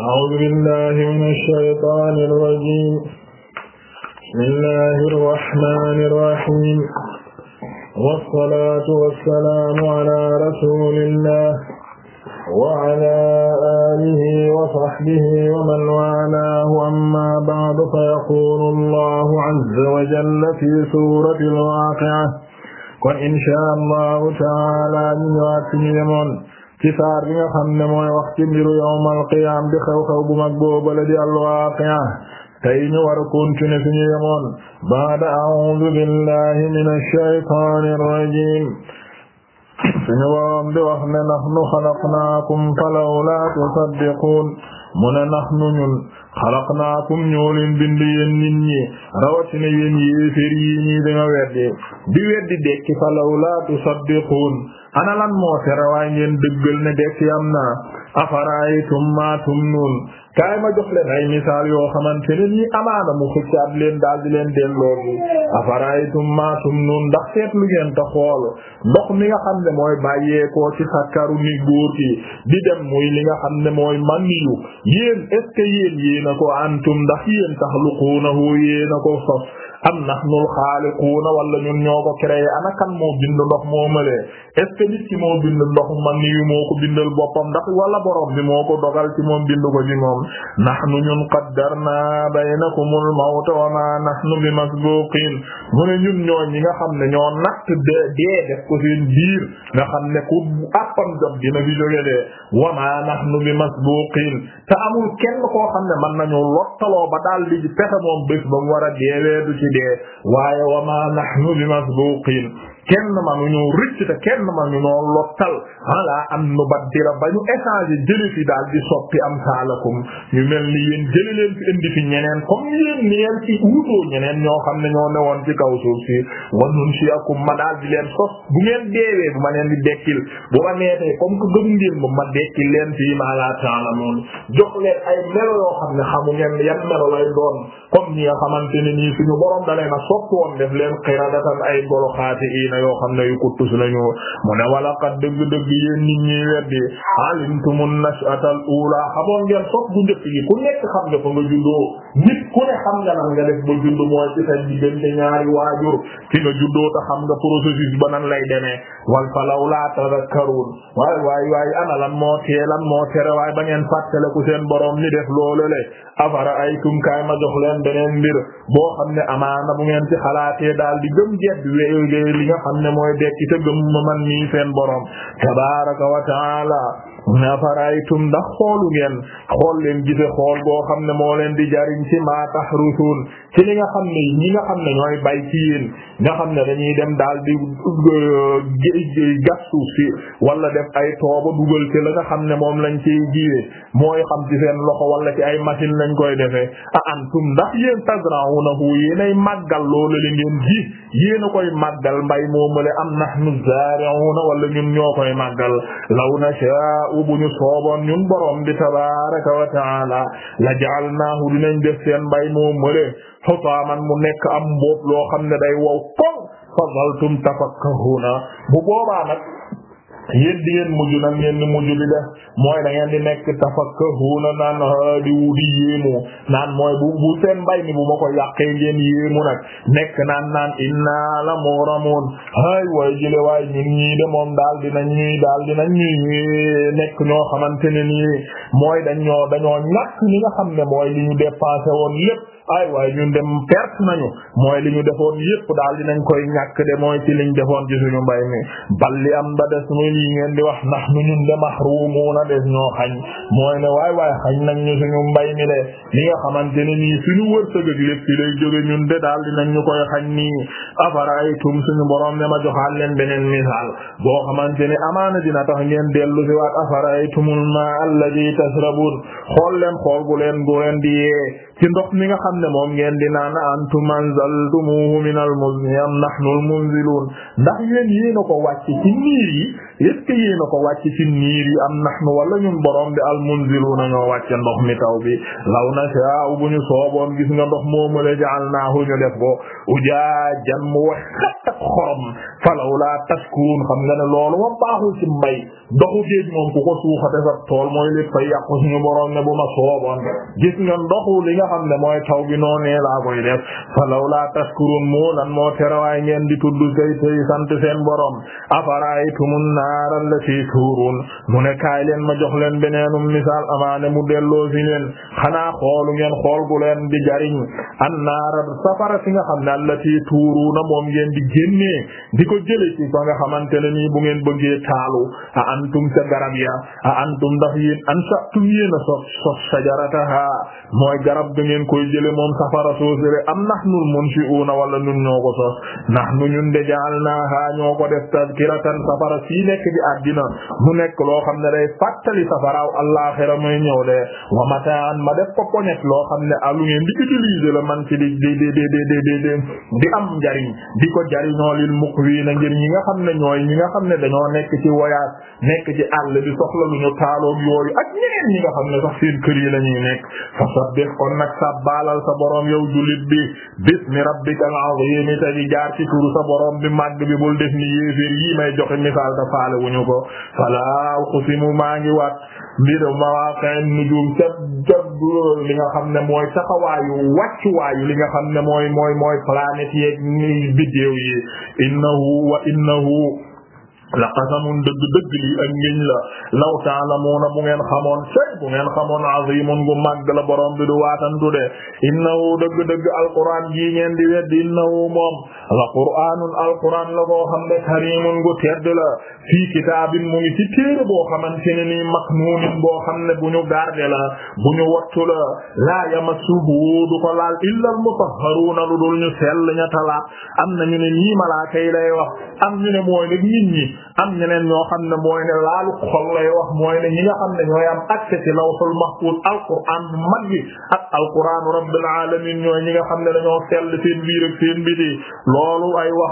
أعوذ بالله من الشيطان الرجيم بسم الله الرحمن الرحيم والصلاة والسلام على رسول الله وعلى آله وصحبه ومن والاه أما بعد فيقول الله عز وجل في سورة الواقعة kon inshaa Allahu ta'aala ñu ñëwaat fi ñu yemoon ci saar bi nga xam ne mooy wax ci mbiru yawmal qiyaam di xew-xew bu mag boobale di al-waaqi'a tey ñu war a continuer suñu yemoon ba'da a'uudu billahi minash shaytaanir rajiim suñu boroom di wax ne nahnu xalaqnaakum falawlaa tusaddiquun mu ne nahnu ñun xalaqnaakum ñoo leen bind yéen nit ñi rawatina yéen yéefér yi ñii di weddi di weddi dekki fa lawlaa tusaddiquun ana lan moo tere waay ngeen dëggal na dekki am a afara'aytum ma tumnuun kaay ma jox leen ay misaal yoo xamante ne nii amaana mu xëccaat leen daal di leen delloo bi afaraytum ma tumnun ndax seetlu ngeen ta xool ndox mi nga xam ne mooy bàyyeekoo ci sakkaru ni góor gi di dem muy li nga xam ne mooy maniyu yéen est-ce que yéen yéen a ko antum ndax yéen taxluquunahu yéen a ko sos am nahnu al-xaaliquuna wala ñun ñoo ko créé ana kan moo bind ndox moo malee est-ce que nit ki moo bind yu moo ko bindal boppam ndax wala borom bi moo ko dogal ki moom bind ko ci moom nahnu ñun qaddarna baynakumul mawta wa ma nahnu bi masbuqin mu ne ñun ñoo ñi nga xam ne ñoo natt de dee def ko seen biir nga xam ne ku àppam jot dina fi jóge de wa ma nahnu bi masbuqin te amul kenn koo xam ne mën nañu lottaloo ba daal di pexe moom bés ba mu war a deewee du ci dee waaye wa ma nahnu bi masbuqin kenn manu ñoo rëcc te kenn manu ñoo lottal ala an nubaddila ba ñu échanger jëli fi daal di soppi am saalakum ñu mel ni yéen jëli leen fi indi fi ñeneen comme yéen ni yéen ci wuutoo ñeneen ñoo xam ne ñoo newoon ci kaw suuf si wanun si akum ma daal di leen sos bu ngeen deewee bu ma leen di dekkil bu ma neexee comme que gëm ngeen ma ma dekkil leen fii ma la taalamun jox leen ay melo yoo xam ne xamu ngeen yan melo doon comme ñi nga xamante ne nii suñu a soppi woon def na yoo xam ne yu ko tus lañu mu ne wala kat dëgg-dëgg yéen nit ñi weddi alimtumun nash'atal ula xamoon ngeen soog bu njëkk yi ku nekk xam nga fa nga juddoo nit xam nga nan nga def ba judd mooy ci sa diggante ñaari waajur ki nga juddoo ta xam nga processus ba nan lay demee wal fa lawlaa tadakkaruun waay waay waay ana lan moo tee lan moo tere waaye ba ngeen fàttaleku seen boroom ni def loolu le afara ay tunkaay ma jox leen beneen mbir boo xam ne amaana bu ngeen ci xalaatee daal di gëm jedd li nga xam ne mooy dekki te gëm ma man nii seen borom tabaaraka wa taala mu ne afaraytum ndax xoolu ngeen xool leen gise xool boo xam ne moo leen di jariñ ci maa tahrusun ci li nga xam ne ñi nga xam ne ñooy bay ci yéen nga xam ne dañuy dem daal di euh, gas suuf si def ay tooba dugal ci la nga xam ne moom lañ ciy jiwee mooy xam ci seen loxo wala ci ay machine lañ koy defee a antum ndax yéen tazra'unahu yéenay màggal loolu la ngeen ji yéen koy màggal mbay moomale am nahnu zari'una wala ñun ñoo koy màggal law nasha bu ñu sooboon ñun borom bi tabaraka wa taala la ja'alnaahu dinañ def seen mbay moo mële xutaaman mu nekk am mboob loo xam ne day wow kon fa zaltum tafakkahuna bu boobaa nag yéen di ngeen mujj nag ngeen di di def mooy da di nekk tafakkahuuna naan di wudi yéemu naan mooy bu bu seen mbay mi bu ma ko yàqee ngeen nag nekk naan naan inna la muramun hay way jële waay ñun ñii de moom daal dinañ na daal dinañ ñuy nekk ñoo xamante ne nii mooy dañ ñoo dañoo ñàkk li nga xam ne mooy li ñu dépensé woon lép ay waaye ñun dem perte nañu mooy li ñu defoon yépp daal di dinañ koy ñàkk de mooy ci liñ defoon ci suñu mbay mi bal li am ba des muy lii ngeen di wax ndax nu ñun de des ñoo xañ mooy ne waay waay xañ nañ ñu suñu mbay mi de li nga xamante ne nii suñu wërsëg ak lépp ci lay jóge ñun de daal dinañ ñu koy xañ nii afaraytum suñu borom ne ma joxaal leen beneen misaal boo xamante ne amaana dina tax ngeen dellu ci waat afaraytumul maa alladhi tashrabun xool leen xool bu leen bu di ci ndox mi nga xam ne moom ngeen di naan antum anzaltumuhu min al-muzni am nahnu al-munzilun ndax yéen yéen a ko wàcc ci niir yi est-ce que ko wàcc ci niir yi am nahnu wala ñun borom bi al-munziluna ñoo wàcc ndox mi taw bi law nasha'u bu ñu sooboon gis nga ndox moomu la ja'alnahu ñu def ko ujaajan mu wax xat ak xorom falawla tashkurun xam nga ne loolu moom ko suuxate sa tool mooy lépp borom ne bu ma sooboon gis nga ndoxu li nga xam ne mooy taw bi noonee laa koy def fa lawlaa tashkurun moo lan moo terawaay ngeen di tudd gay tay sant seen borom afara'aytumun naar allati turun mu ne kaay ma jox leen beneenum misaal amaane mu delloo fi leen xanaa xoolu ngeen xool gu leen di jariñ annaara safara si nga xam ne allati tuuruuna moom ngeen di génnee di ko jële ci fa nga xamante ne nii bu ngeen bëggee taalu a antum ca garab ya a antum ndax yéen ansha'tum yéen a sos sos shajarataha mooy garab da ngeen koy jële moom safara soosére am nahnul munshi'uuna wala ñun ñoo ko sos nahnu ñun de ja'alnaaha ñoo ko def tadhkiratan safara si nekk di àddina mu nekk loo xam ne day fàttali safaraaw allaaxira muy ñëw de wa ma def ko poñet loo xam ne alu ngeen di utiliser la man ci di di di di di di di am njariñ di ko jariñoo lil muqwiina ngir ñi nga xam ne ñooy ñi nga xam ne dañoo nekk ci voyage nekk ci àll bi soxla lu ñu taaloog yooyu ak ñeneen ñi nga xam ne sax seen kër yi la ñuy nekk fa sabbih ko nag sa baalal sa boroom yow jullit bi bismi rabbikal azim te di jaar ci turu sa boroom bi màgg bi bul def ni yéeféer yi may joxe misaal ta faale wuñu ko fala uqsimu maa mbira mawaaqi'in nujuum ca ca li nga xam ne mooy taxawaayu wàccuwaayu li nga xam ne mooy mooy mooy planète yeeg ni biddéew yi innahu wa innahu la qasamun dëgg dëgg lii ak ngiñ la law ta'lamuuna bu ngeen xamoon sey bu xamoon azimun gu màgg la borom bi du waatantu de innahu dëgg dëgg alquran jii ngeen di weddi innahu moom la qur'aanun alquran la boo xam ne karimun gu tedd la fii kitaabin mu ngi ci téere boo xamante ne nii maknuunin boo xam ne bu ñu garde la bu ñu wattu la laa yamassuhu du ko laal illa almutahharuuna lu ñu sell ña talaat am na ñu ne ñii malaaka yi lay am ñu ne mooy nag nit ñi am ñeneen ñoo xam ne mooy ne laalu xol lay wax mooy ne ñi nga xam ne ñooy am accès ci lawhul mahfuz alquran bu mag yi ak alquranu rabbil alamin ñooy ñi nga xam ne dañoo sell seen biir ak seen biti loolu ay wax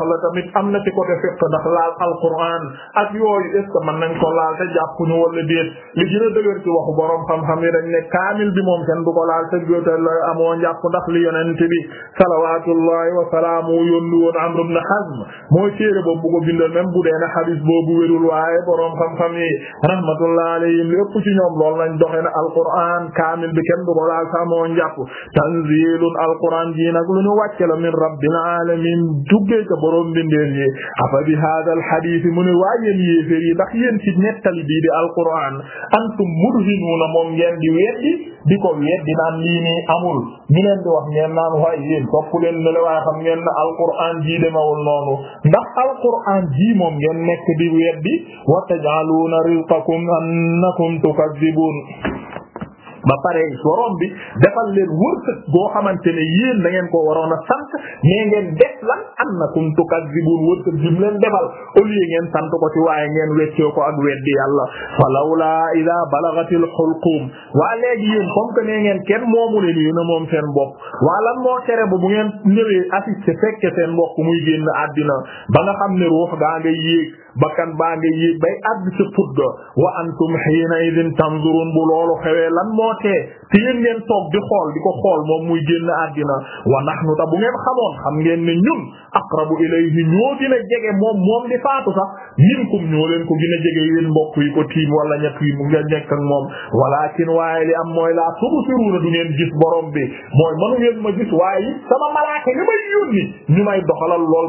am na ci côté fiqh ndax laal alquran ak yooyu est ce que mën nañ ko laal te jàppuñu wala déet li gën a dëgër ci waxu borom xam-xam yi dañ ne kaamil bi moom kenn du ko laal te jota la amoo njàpp ndax li yonent bi salawatullahi wa salaamu yónni woon Amr ibn Hazm mooy téere boobu bu ko bindal même bu dee na xadis boobu wérul waaye boroom xam-xam yi rahmatullah alayhim lépp ci ñoom loolu lañ doxe na alquran kaamil bi kenn du ko laal sax moo njàpp ji nag lu ñu wàcce min rabbil alamin duggee ca boroom bindéef yi afa bi hada alhadith mu ne waa yéen yéeféer yi ndax yéen ci nettali bii di alquran antum mudhinuuna moom ngeen di weddi di ko wéet di naan lii nii amul ñu leen di wax ngeen naan waaye yéen topp leen ne la waaye xam ngeen ne alquran ji demawul noonu ndax alquran ji moom ngeen nekk di wéet di wa taj'aluna rizqakum annakum tukadhibun ba pare borom bi defal leen wërsëg boo xamante ne yéen da ngeen ko waroon a sant mais ngeen def lan annakum tukazibun wërsëg bi mu leen defal au lieu ngeen sant ko ci waaye ngeen weccoo ko ak weddi yàlla falawla ida balagatil xulqum waa léegi yéen comme que nee ngeen kenn moomu leen yéen a moom seen bopp waa lan moo cere ba bu ngeen ñëwee assister fekke seen mbokk muy génn àddina ba nga xam ne ruux gaa ngay yéeg bakkan baa nga yéeg bay àgg ci pudda wa antum hiina idin tanzurun bu loolu xewee lan moo tee te ngeen toog di xool di ko xool moom muy génn àddina wa nahnu ta bu ngeen xamoon xam ngeen ne ñun aqrabu ilayhi ñoo gën jege moom moom di faatu sax minkum ñoo leen ko gën a jege yéen mbokk yi ko tiim wala ñett yi mu nga nekk ak moom walakin waaye li am mooy laa tubsiruuna du ngeen gis borom bi mooy manu ngeen ma gis waaye sama malaaka li may yónni ñu may doxalal lool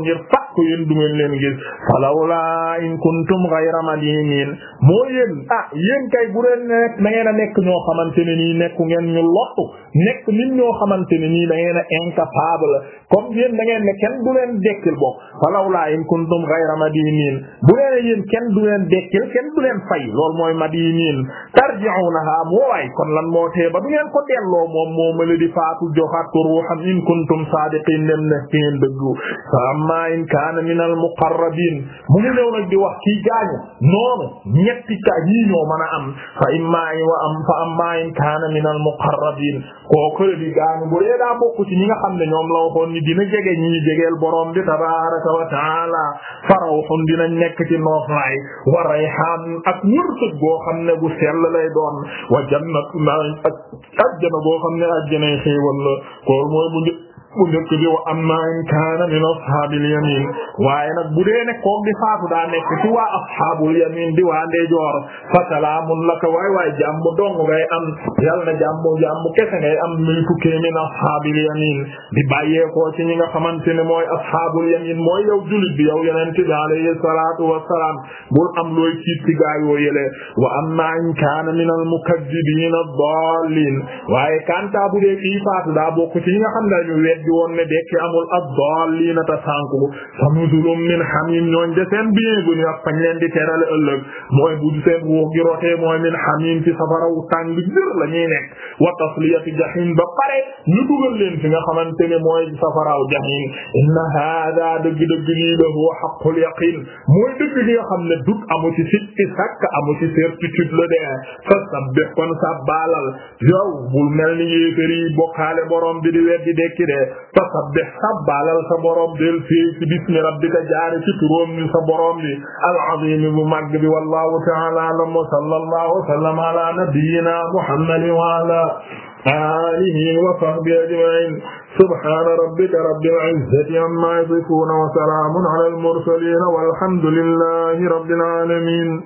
ko yéen du ngeen leen gis falawla in kuntum ghayra madinin moo yéen ah yéen kay bu deen nekk na a nekk ñoo xamante ne nii nekku ngeen ñu lottu nekk nit ñoo xamante ne nii da ngeen a incapable comme yéen da ngeen ne kenn du leen dekkil bokk falawla in kuntum ghayra madinin bu leen yéen kenn du leen dekkil kenn du leen fay loolu mooy madinin tarji'unaha moo waay kon lan moo tee ba du ngeen ko delloo moom moo mala di faatu joxaat ko ruuxam in kuntum saadiqin nem ne ki ngeen dëggu fa amma in kaana min al muqarrabin mu ngi ñëw nag di wax kii gaañu noonu ñetti ka ñii ñoo mën a am fa imma wa am fa amma in kaana min al muqarrabin koo xëra di gaanu bu dee daa bokk ci ñi nga xam ne ñoom la waxoon ni dina jege ñi ñu jegeel borom bi tabaraka wa taala farawxun dinañ nekk ci nooflaay wa rayhaan ak wërsëg boo xam ne bu sell lay doon wa jannatu ak ajjana boo xam ne ajjanay xéewal la ko mooy bu bu njëkk bi wa amma in kaana min ashaabil yamin waaye nag bu dee ne koog di faatu daa nekk ci waa ashaabul yamin di waa ndeyjoor fa salaamun laka waay waay jàmm dong ngay am yal na jàmm jàmm kese ngay am muy tukkee min ashaabil yamin di bàyyeekoo ci ñi nga xamante ne mooy ashaabul yamin mooy yow julit bi yow yonente bi alayhi salaatu wassalaam bul am looy ci gaayoo yële wa amma waaye kanta bu dee kii faatu daa bokk ci ñi nga xam ne weddi woon ne dekki amul ad-daalliina ta sànku fa nuzulun min hamiim ñooñ de seen bienvenu ak fañ leen di terale ëllëg mooy bu seen ruux gi rotee mooy min hamiim ci safaraw tàng jër la ñuy nekk wa tasliyati jahiim ba pare ñu dugal leen fi nga xamante ne mooy safaraw jahiim inna haadaa dëgg-dëgg lii la huwa haqqul yaqiin mooy dëgg li nga xam ne dut amu ci sikki sàkk amu ci certitude la de fa sabbih kon sa baalal yow bul mel ni yéefér yi bokkaale borom bi di weddi dekki de fasabbih sabbaalal sa borom del fii ci bismi rabbika jaare ci turóom ni sa borom bi al-azim bu màgg bi wallahu ta'ala a'lam wa sallallahu wa sallama ala nabiyyina muhammadin wa ala alihi wa sahbihi ajma'in subhana rabbika rabbil izzati amma yasifun wa salamun ala al-mursalin walhamdulillahi rabbil alamin